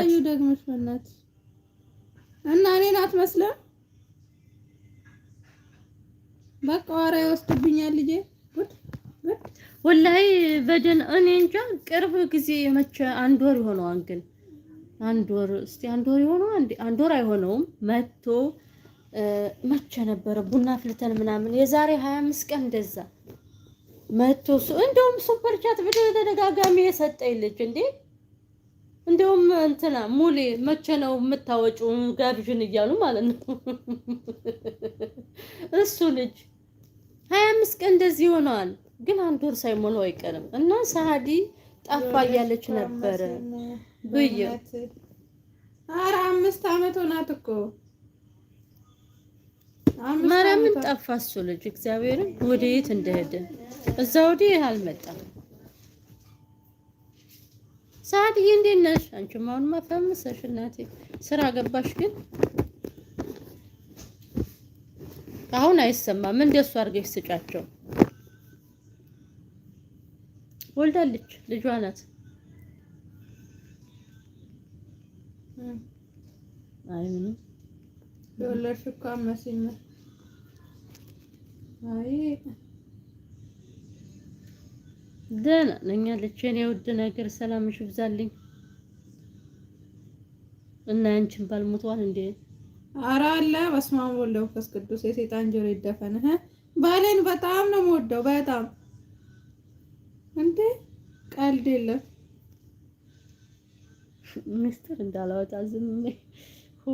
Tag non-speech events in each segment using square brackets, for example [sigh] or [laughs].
ናት ደግመሽ በእናትሽ እና እኔ ናት በቃ ዋራ ይወስድብኛል ልጄ ጉድ በደን እኔ እንጃ ቅርብ ጊዜ የመቼ አንድ ወር ይሆነዋል ግን አንድ ወር እስቲ አንድ ወር ይሆነው አንድ ወር አይሆነውም መቶ መቼ ነበረ ቡና ፍልተን ምናምን የዛሬ 25 ቀን እንደዛ መቶ እንደውም ሱፐርቻት ብሎ ተደጋጋሚ የሰጠኝ ልጅ እንዴ እንዲሁም እንትና ሙሌ መቼ ነው የምታወጩ ጋብዥን እያሉ ማለት ነው። እሱ ልጅ ሀያ አምስት ቀን እንደዚህ ሆነዋል፣ ግን አንድ ወር ሳይሞላው አይቀርም። እና ሰሀዲ ጠፋ እያለች ነበረ ብዬ አራ አምስት አመት ሆናት እኮ ማርያምን ጠፋ እሱ ልጅ እግዚአብሔርን ወደየት እንደሄደ እዛ ወዲህ አልመጣም። ሰዓትዬ እንዴት ነሽ? አንቺም አሁንማ ፈምሰሽ እናቴ ስራ ገባሽ። ግን አሁን አይሰማም። እንደሱ አድርገሽ ስጫቸው። ወልዳለች፣ ልጇ ናት። አይ ምንም የወለድሽ እኮ መሲል አይ ደህና ነኝ የኔ ውድ ነገር ሰላምሽ ይብዛልኝ እና ያንቺን ባል ሞቷል እንዴ? ኧረ አለ በስመ አብ ወወልድ ወመንፈስ ቅዱስ የሴጣን ጆሮ ይደፈን ባሌን በጣም ነው የምወደው በጣም እንዴ ቀልድ የለም። ሚስጥር እንዳላወጣ ዝም ሆ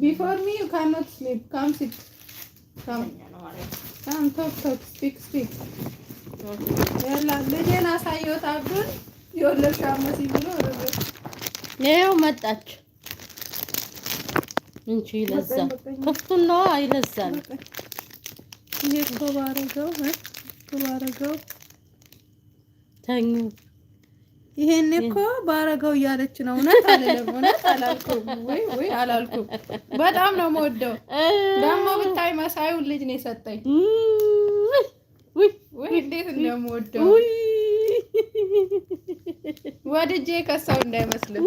ቢፎር ሚ ዩ ካኖት ስሊፕ ካም ሲት ካም ቶክ ቶክ ስፒክ ስፒክ ልጄን አሳየሁት። አብዱን የወለድሽ አመት ብሎ ይኸው መጣች። እንቺ ይለዛ ክፍቱን ነዋ ይለዛል። ይሄ እኮ ባረገው እኮ ባረገው ተኙ። ይሄን እኮ ባረገው እያለች ነው። እውነት አይደለም? እውነት አላልኩም ወይ ወይ አላልኩም። በጣም ነው የምወደው። ደግሞ ብታይ መሳዩን ልጅ ነው የሰጠኝ። ወይ እንዴት እንደምወደው ወድጄ ከሰው እንዳይመስልም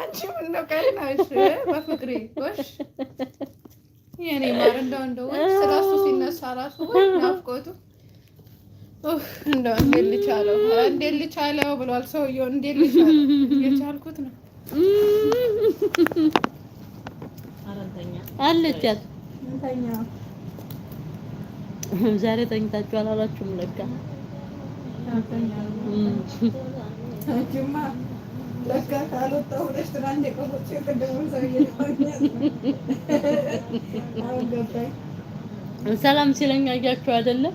አንቺ ምነው ቀናሽ በፍቅሬ ጎሽ የኔ ማር እንደው እንደው ስለሱ ሲነሳ ራሱ ወይ ናፍቆቱ እንደው እንዴት ልቻለው እንዴት ልቻለው ብሏል ሰውየው። እንዴት ልቻለው የቻልኩት ነው አለቻት። ዛሬ ተኝታችኋል አላችሁም ለካ ሰላም ሲለኝ አያችሁ አይደለም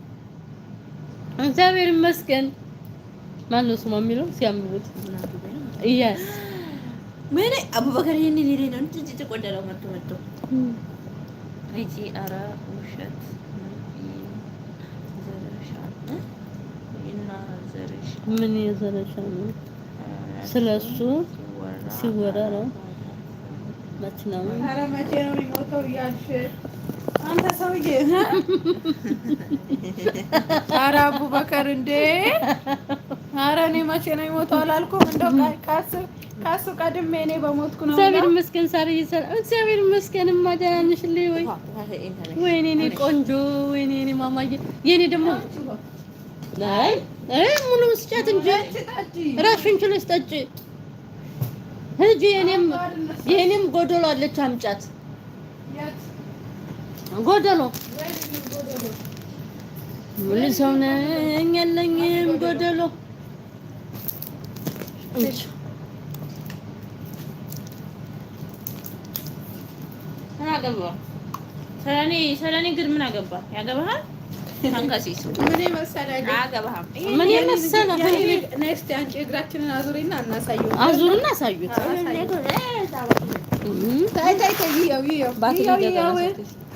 እግዚአብሔር ይመስገን። ማን ነው ስሟ የሚለው ሲያምሩት እያስ ምን አቡበከር ይሄን ሊሌ ነው እንጂ ተቆደረው መጥቶ መጥቶ እጂ አረ ውሸት ምን የዘረሻል? ስለሱ ሲወራ ነው መች ነው? ኧረ መቼ ነው የሚሞተው አንተ ሰውዬ ኧረ አቡበከር እንዴ! ኧረ እኔ መቼ ነው የሞተው አላልኩም? እንደው ከእሱ ቀድሜ እኔ በሞትኩ ነው። እግዚአብሔር ይመስገን። ሳርዬ ሰላም። እግዚአብሔር ይመስገን። እማ ደህና ወይ ወይኔ እኔ ቆንጆ፣ ወይኔ እኔ ማማዬ፣ የእኔ ደግሞ አይ አይ ሙሉ ስጫት እንጂ እራስሽን ችለሽ ጠጪ። ሂጂ፣ የእኔም የእኔም ጎዶሎ አለች፣ አምጫት ጎደሎ ሙሉ ሰው ነኝ የለኝም ጎደሎ ምን አገባ ስለኔ ስለኔ ግን ምን አገባ ያገባሃል አንካሲስ ምን መሰለህ አያገባህም ምን መሰለህ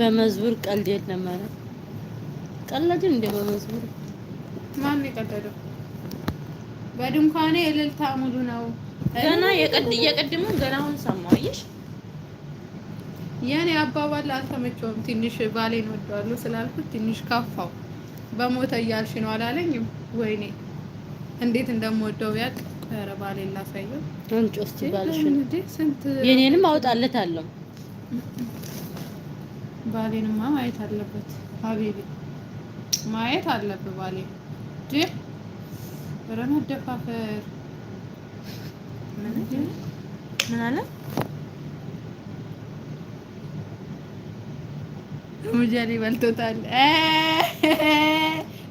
በመዝሙር ቀልድ የለም። ኧረ ቀለድን እንደ በመዝሙር ማን የቀለደው? በድንኳኔ እልልታ ሙሉ ነው። ገና የቅድሙን ገና አሁን ሰማሁ። የኔ አባባል አልተመቸውም። ትንሽ ባሌን ወደዋለሁ ስላልኩት ትንሽ ካፋው። በሞተ እያልሽ ነው አላለኝም? ወይኔ እንዴት እንደምወደው ያውቅ። ኧረ ባሌን ላሳየው። አንቺ ውስጥ ባልሽ እንዴ ስንት የኔንም አውጣለታለሁ ባሌንማ ማየት አለበት ሀቢቢ ማየት አለብህ። ባሌ ድ ኧረ መደፋፈር ምን አለ ሙጀሪ በልቶታል።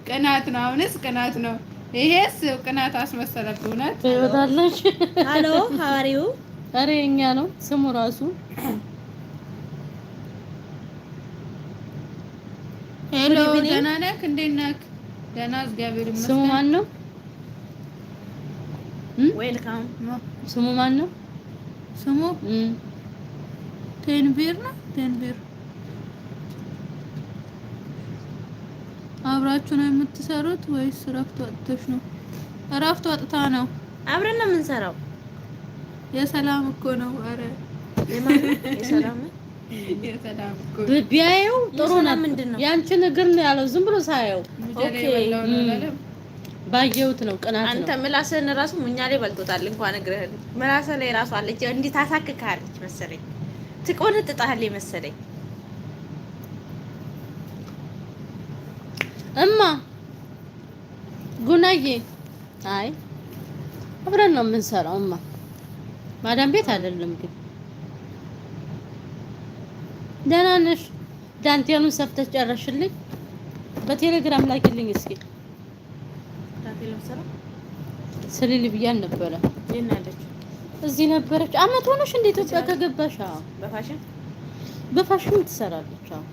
ቅናት ነው። አሁንስ ቅናት ነው። ይሄስ ቅናት አስመሰለብህ። እውነት ታለሽ። ሀሎ ሀዋሪው ኧረ የእኛ ነው ስሙ ራሱ ነክ እንዴት ነክ? ደህና እግዚአብሔር ይመስገን። ስሙ ማን ነው? ዌልካም። ስሙ ማን ነው? ስሙ ቴንቪር ነው። ቴንቪር አብራችሁ ነው የምትሰሩት ወይስ እረፍት ወጥተሽ ነው? እረፍት ወጥታ ነው። አብረን ነው የምንሰራው። የሰላም እኮ ነው። አረ የማን የሰላም ቢያየው ጥሩ ነው። ያንቺን እግር ነው ያለው። ዝም ብሎ ሳየው ባየሁት ነው ቅናት ነው። አንተ ምላስህን ራሱ ሙኛ ላይ በልቶታል። እንኳን እግርህን ምላስህ ላይ ራሱ አለች። እንዲህ ታሳክካለች መሰለኝ፣ ትቆነጥጣለች መሰለኝ። እማ ጉናዬ፣ አይ አብረን ነው የምንሰራው። እማ ማዳም ቤት አይደለም ግን ደህና ነሽ? ዳንቴሉን ሰፍተሽ ጨረሽልኝ? በቴሌግራም ላኪልኝ እስኪ። ስልል ብያን ነበረ እዚህ ነበረች። አመት ሆነሽ እንደ ኢትዮጵያ ከገባሽ? አዎ በፋሽን በፋሽን ትሰራለች። አዎ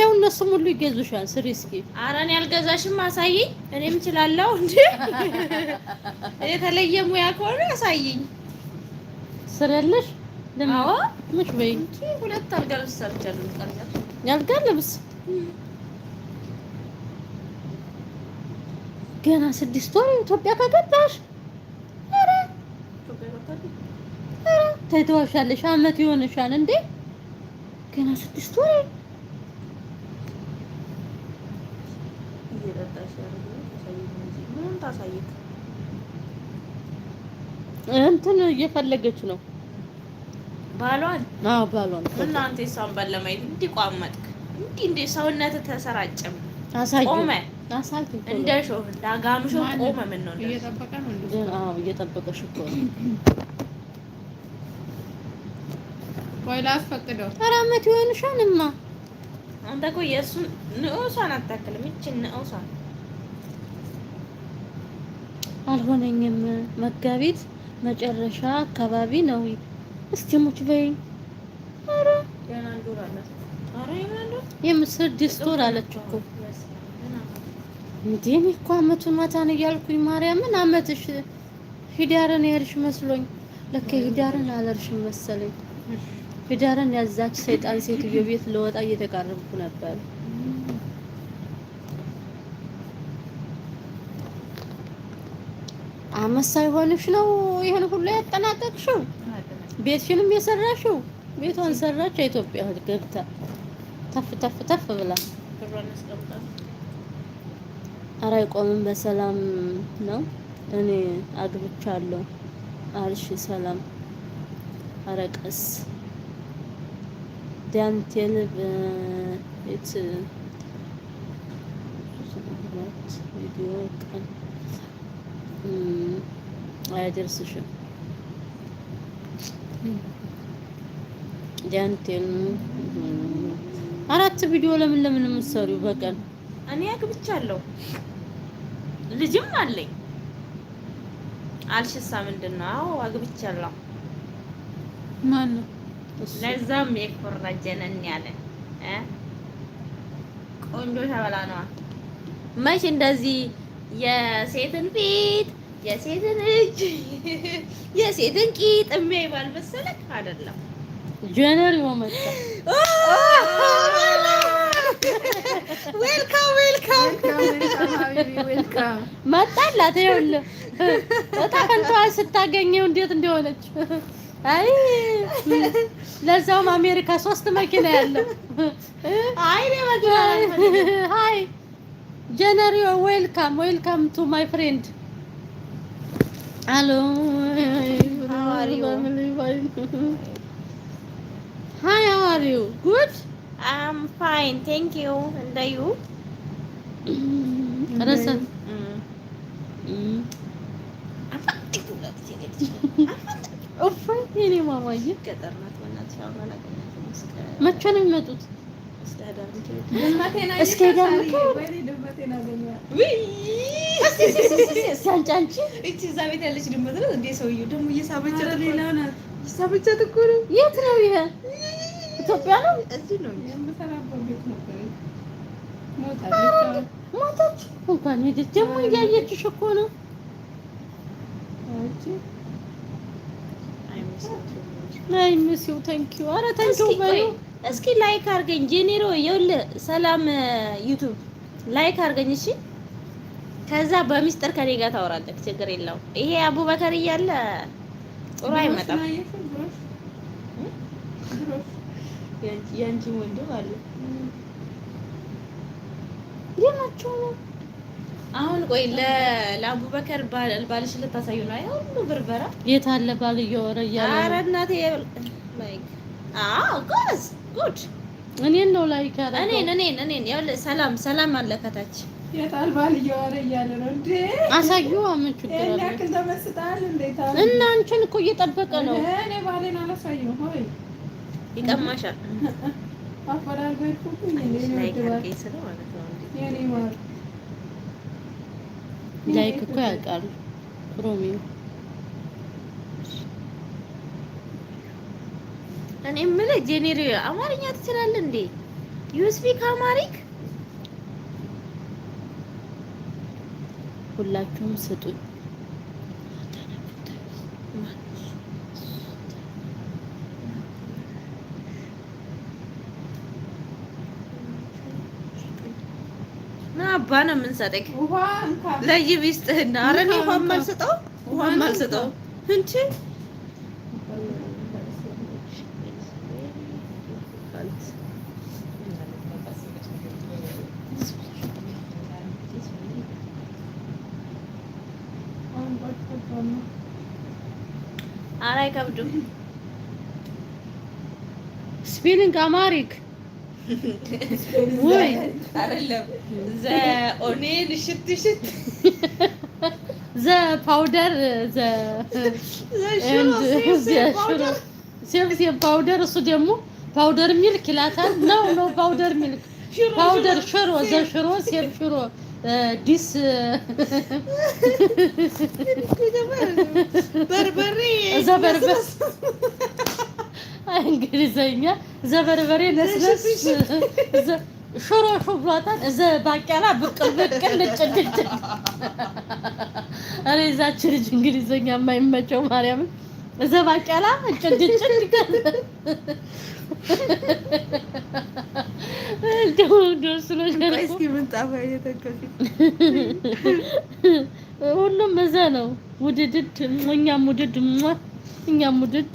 ያው እነሱም ሁሉ ይገዙሻል። ስሪ እስኪ። ኧረ እኔ አልገዛሽም፣ አሳይኝ። እኔም እችላለሁ እንዴ! የተለየ ሙያ ከሆነ አሳይኝ። ለምን? አዎ ልክ በይ ሁለት አልጋ ልብስ ሰርቻለሁ። ያልጋ ልብስ ገና ስድስት ወር ኢትዮጵያ ከገባሽ፣ ኧረ አመት ይሆንሻል እንዴ? ገና ስድስት ወር እንትን እየፈለገች ነው ባሏን ባሏን እናንተ እሷን ባለማየት እንዲህ ቋመጥክ፣ እንዲህ እንዲህ ሰውነት ተሰራጨም፣ ቆመ እንደ ሾህ እንደ አጋም ሾህ ቆመ። ምን ነው እየጠበቀሽ እኮ ነው ወይ ላስፈቅደው? ኧረ አመት ይሆንሻልማ አንተ እኮ የእሱን ንዑሷን አታክልም። ይችን ንዑሷን አልሆነኝም መጋቢት መጨረሻ አካባቢ ነው እስቲ ሙች በይ። ኧረ የምስር ዲስቶር አለች እኮ እንዴ! እኔ እኮ አመቱን ማታን እያልኩኝ ማርያምን አመትሽ ሂዳርን ያርሽ መስሎኝ ለካ ሂዳርን አለርሽ መሰለኝ። ሂዳርን ያዛች ሰይጣን ሴትዮ ቤት ለወጣ እየተቃረብኩ ነበር። አመት ሳይሆንሽ ነው ይሄን ሁሉ ያጠናቀቅሽው? ፊልም የሰራሽው ቤቷን ሰራች። ኢትዮጵያ ገብታ ተፍ ተፍ ተፍ ብላ አረ አይቆምም። በሰላም ነው እኔ አግብቻለሁ አልሽ። ሰላም ኧረ ቀስ ዳንቴል ቤት ቪዲዮ ቀን አያደርስሽም ዳንቴል አራት ቪዲዮ ለምን ለምን የምትሰሪው በቀን? እኔ አግብቻለሁ ልጅም አለኝ። አልሽሳ ምንድን ነው? አዎ አግብቻለሁ። ማን ለዛም የኮራጀነን ያለ ቆንጆ ሸበላ ነዋ። መች እንደዚህ የሴትን ፊት የሴትን እጅ [laughs] የሴትን ቂጥ የሚያይባል መሰለህ? አይደለም ጀነር መጣላት። ይኸውልህ ፈንታዋን ስታገኘው እንዴት እንደሆነች አይ ለዛውም አሜሪካ ሶስት መኪና ያለው አይ አይ ዌልካም ዌልካም ቱ ማይ ፍሬንድ Hello. How are you? Hi, how are you? Good? I'm fine, thank you. And are you? Arasan. እፎይ የኔ ማማዬ ገጠር ናት። በእናትሽ fine. መቼ ነው የሚመጡት? እስኪ ቤት ያለች ድመት ነው እንዴ? ሰውዬው ደግሞ ነው። የት ነው ይሄ? ኢትዮጵያ ነው። እዚህ ነው የምሰራበት ቤት ነበር። ሞታች እንኳን ሄደች። ደግሞ እያየችሽ እኮ ነው። አይ ሚስ ዩ ታንኪዩ። ኧረ ታንኪዩ በይው እስኪ ላይክ አድርገኝ ጄኔሮ ይኸውልህ፣ ሰላም ዩቱብ ላይክ አድርገኝ እሺ። ከዛ በሚስጥር ከኔ ጋር ታወራለህ፣ ችግር የለው። ይሄ አቡበከር እያለ ጥሩ አይመጣም። ያንቺ ወንድም አለ የማችሁ አሁን ቆይ ለአቡበከር ባልሽ ልታሳዩ ነው? ያው ሁሉ ብርበራ የት አለ ባል እያወራ እያለ ኧረ እናቴ ማይክ አዎ ጎዝ ጉድ እኔን ነው ላይ እኔን እኔን እኔን ያለ ሰላም ሰላም አለ ከታች የጣል ባል እያወረ እያለ ነው እንዴ? አሳየዋ። ምን ችግር አለ? እና አንቺን እኮ እየጠበቀ ነው። እኔ ባሌን አላሳየው ሆይ ይቀማሻል። አፈራል በኩል ላይክ እኮ ያውቃሉ ሮሚው እኔ የምልህ ጄኔሪ አማርኛ ትችላለህ እንዴ? ዩስፒክ አማሪክ? ሁላችሁም ስጡኝ። ምን አባ ነው የምንሰጠኝ? ለይብ ይስጥህና። አረኔ ውሃ ውሃም ውሃ ውሃም እንቺ ኧረ አይከብድም። ስፔሊንግ አማሪክ ወይ [laughs] አይደለም። ዘ ኦኔል ሽት ሽት ዘ ፓውደር ዘ ዘ ሹሮ ሴቭ ፓውደር እሱ ደግሞ ፓውደር ሚልክ ይላታል። ነው ነው ፓውደር ሚልክ ፓውደር ሽሮ ዘ ሽሮ ሴቭ ሽሮ ዲስ በርበሬ እዛ በርበሬ እንግሊዘኛ እዛ በርበሬ ሽሮ ባቄላ ብቅል ብቅል እኔ እዛች ልጅ እንግሊዘኛ የማይመቸው ማርያምን እዛ ባቄላ እጭድጭድ ሁሉም እዛ ነው። ውድድድ እኛም ውድድ እኛም ውድድ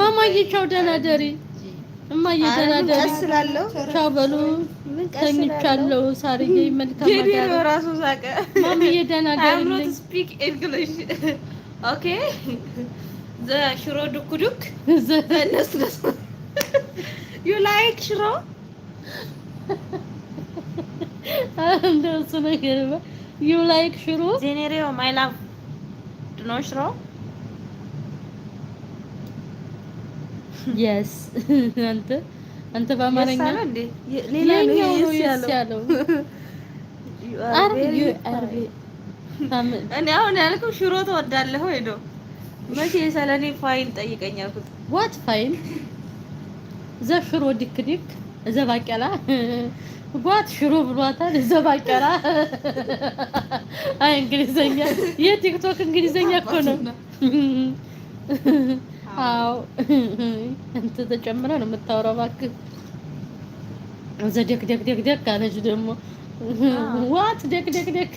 ማማዬ ቻው ደህና ደሪ እማዬ ደህና ደሪ ቻው በሉ። ተኝቻለሁ ሳርዬ መልካም ራሱ ሳቀ። ማሚዬ ደህና ደሪ ኦኬ [laughs] ሽሮ ዱክ ዱክ እነሱ ዩ ላይክ ሽሮ እንደሱ ነገር ዩ ላይክ ሽሮ ጄኔሪዮ ማይ ላቭ ድኖ ሽሮ የስ አንተ አንተ በአማርኛ ሌላ ነው ያለው። [laughs] እኔ አሁን ያልኩህ ሽሮ ትወዳለህ ወይ መቼ ሰለኔ ፋይን ጠይቀኝ አልኩት። ዋት ፋይን ዘ ሽሮ ዲክ ዲክ እዘ ባቄላ ዋት ሽሮ ብሏታል። እዘ ባቄላ። አይ እንግሊዘኛ የቲክቶክ እንግሊዘኛ እኮ ነው። አዎ እንትን ተጨምረ ነው የምታወራው። እባክህ ዘ ደክ ደክ ደክ ደክ አለች ደግሞ ዋት ደክ ደክ ደክ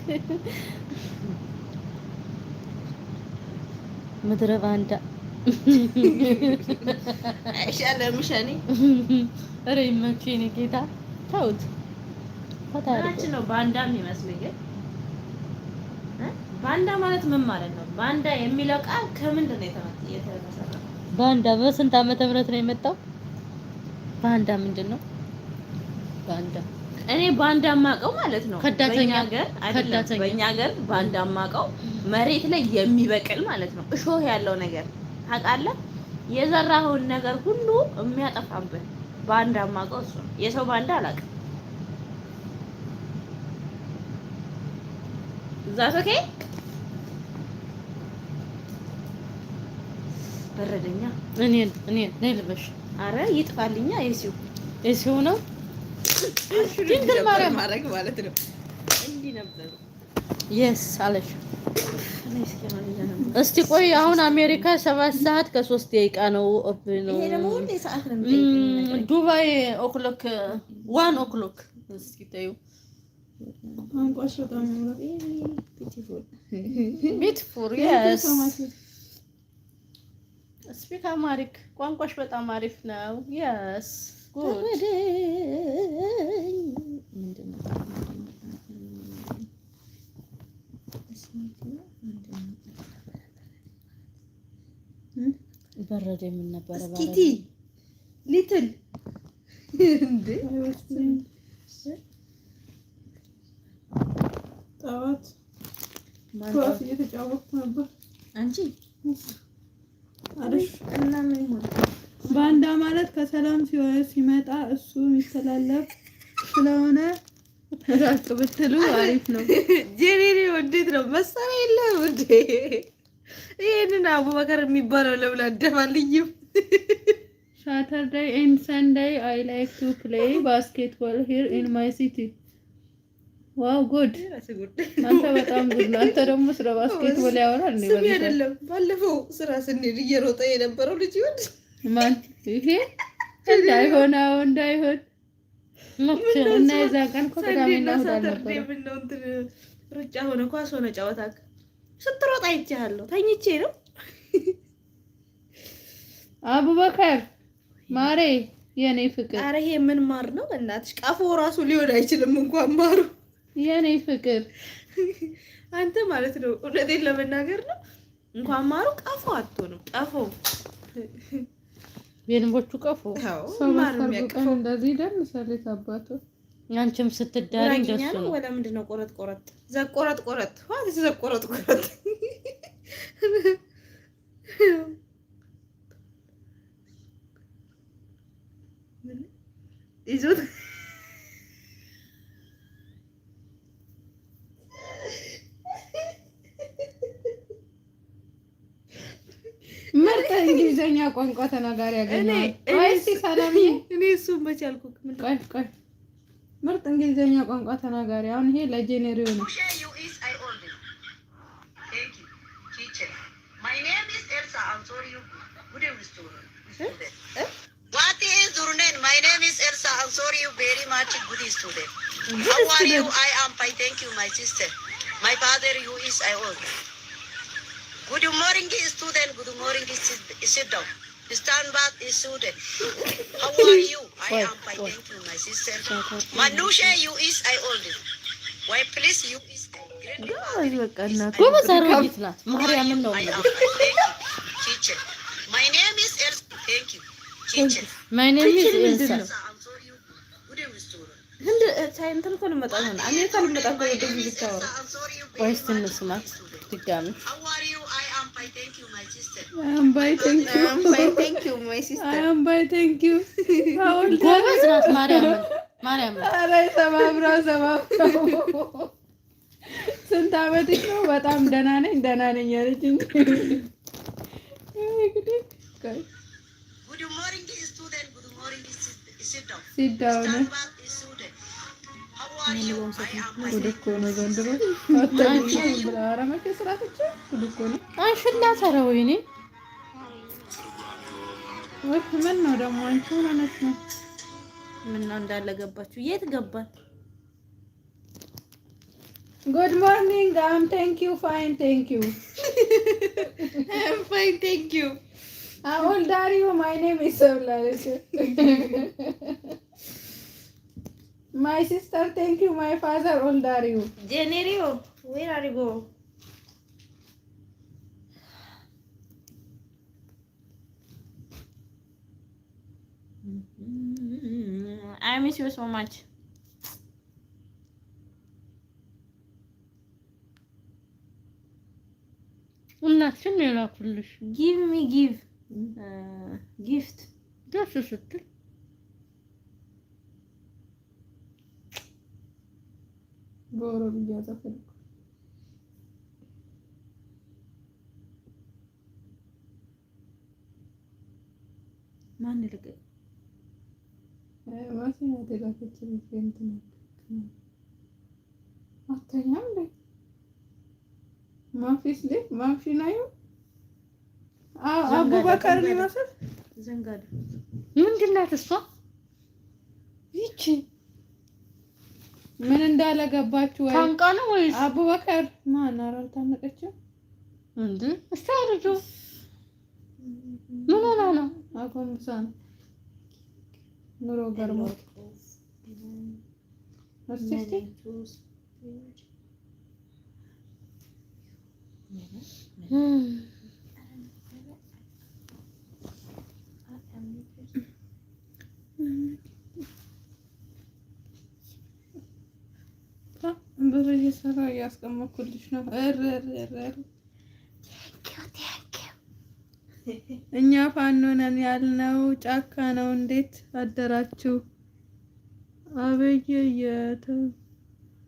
ምድረ ባንዳ ሸለምሸኔ ኧረ ይመችህ የእኔ ጌታ ተውት። ታችን ነው ባንዳ የሚመስለኝ ባንዳ ማለት ምን ማለት ነው? ባንዳ የሚለው ቃል ከምንድን ነው የተመሰረተው? ባንዳ በስንት ዓመተ ምህረት ነው የመጣው? ባንዳ ምንድን ነው? ባንዳ እኔ ባንዳ ማቀው ማለት ነው ከዳተኛ ገር አይደለም። በእኛ ገር ባንዳ ማቀው መሬት ላይ የሚበቅል ማለት ነው። እሾህ ያለው ነገር ታውቃለህ፣ የዘራኸውን ነገር ሁሉ የሚያጠፋብህ ባንድ ማውቀው እሱ ነው። የሰው ባንድ አላውቅም። እዛ ሶኬ በረደኛ እኔን እኔን ነይ ልበሽ። አረ ይጥፋልኛ። የሲው የሲው ነው ድንግል ማርያም ማድረግ ማለት ነው። እንዲህ ነበር የስ አለሽ እስቲ ቆይ አሁን አሜሪካ ሰባት ሰዓት ከሶስት ደቂቃ ነው። ዱባይ ኦክሎክ ዋን ኦክሎክ እስኪ ታዩ የስ ስፒክ አማሪክ ቋንቋሽ በጣም አሪፍ ነው። የስ ጉድ በረደኝ። ምን ነበረ ኪቲ ሊትል እንዴ ጠዋት እየተጫወትኩ ነበር። አንቺ አሪፍ እና ምን ይሆን ባንዳ ማለት ከሰላም ሲመጣ እሱ የሚተላለፍ ስለሆነ ራቅ ብትሉ አሪፍ ነው። ጄኔሪ እንዴት ነው መሳሪያ የለም እንዴ? ይህንን አቡበከር የሚባለው ለምን አደባልይም? ሳተርዳይ ኤንድ ሰንዳይ አይ ላይክ ቱ ፕሌይ ባስኬትቦል ሂር ኢን ማይ ሲቲ። ዋው ጉድ! አንተ በጣም ጉድ ነው። አንተ ደግሞ ስለ ባስኬትቦል ያወራል። ስሚ አይደለም ባለፈው ስራ ስንሄድ እየሮጠ የነበረው ልጅ ይሆን ማን? ይሄ እንዳይሆን አዎ እንዳይሆን እና የዛን ቀን እኮ ቅዳሜና እሑድ ነበረ ሩጫ ሆነ ኳስ ሆነ ጨዋታ ስትሮጥ አይቼሃለሁ። ተኝቼ ነው [laughs] አቡበከር ማሬ የኔ ፍቅር። ኧረ ይሄ ምን ማር ነው በእናትሽ? ቀፎ ራሱ ሊሆን አይችልም እንኳን ማሩ። የኔ ፍቅር [laughs] አንተ ማለት ነው። እውነቴን ለመናገር ነው እንኳን ማሩ ቀፎ አቶ ነው ቀፎ የንቦቹ ቀፎ እንደዚህ ደንሳሌ ታባቱ አንቺም ስትዳሪ ደሱ ነው። ወደ ምንድን ነው ቆረጥ ቆረጥ ዘቆረጥ ቆረጥ ዋት ዘቆረጥ ቆረጥ [laughs] ይዞት ምርጥ እንግሊዘኛ ቋንቋ ተናጋሪ ያገኛል። እኔ እሱም በቻልኩ ምርጥ እንግሊዘኛ ቋንቋ ተናጋሪ አሁን ይሄ ለጄኔሪው ነው። ጉድ ስቱደንት Good morning student. Good morning sit down. Stand student. How are you? I am fine. Thank you, my sister. Manusha, you is I old. Why please you is Maria Teacher, my name is ጎበዝ አሮጊት ናት። ማርያምን ነው ማይ ኔም ኢዝ ኤልሳ ህንድ እንትን እኮ ልመጣ ነው አሜሪካ ልመጣ ነው። ደግ ብቻ ወር ወይስ ትንስማት you. ስንት ዓመትሽ ነው? በጣም ደህና ነኝ ደህና ነኝ ያለች እንግዲህ አንሽላ ሰራ ወይኔ ወፍ ምን ነው ደግሞ አንቺ ማለት ነው። ምን ነው እንዳለ ገባችሁ? የት ገባል? ጉድ ሞርኒንግ አም ቴንክ ዩ ፋይን ቴንክ ዩ ፋይን ቴንክ ዩ አሁን ማይ ኔም My sister, thank you. My father, old are you? Generio, where are you go? I miss you so much. Give me give uh, gift. That's a በኦሮምኛ ዘፈን ማን ልቀቅ ማሽን ያደጋገችን ፌንት አተኛም እንዴ ማፊስ ልክ ማፊና ይሁ አቡበከርን ይመስል ዘንጋዳ ምንድን እሷ? ምን እንዳለ ገባችሁ ወይ? ታንቃ ነው ወይስ አቡበከር ማን? ኧረ አልታነቀችም እንዴ? እስቲ አርጁ ምን ሆና ነው? አጎንብሳ ነው ኑሮ ገርሞት እስቲ ብር እየሰራ እያስቀመጥኩልሽ ነው። እኛ ፋኖ ነን ያልነው ጫካ ነው። እንዴት አደራችሁ? አብይ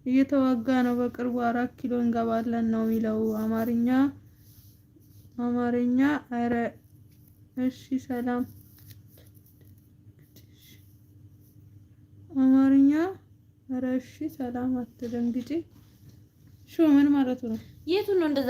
እየተዋጋ ነው። በቅርቡ አራት ኪሎ እንገባለን ነው የሚለው አማርኛ አማርኛ። አረ እሺ ሰላም አማርኛ ኧረ እሺ ሰላም አትል እንግዲህ ሹ ምን ማለቱ ነው? የቱን ነው እንደዛ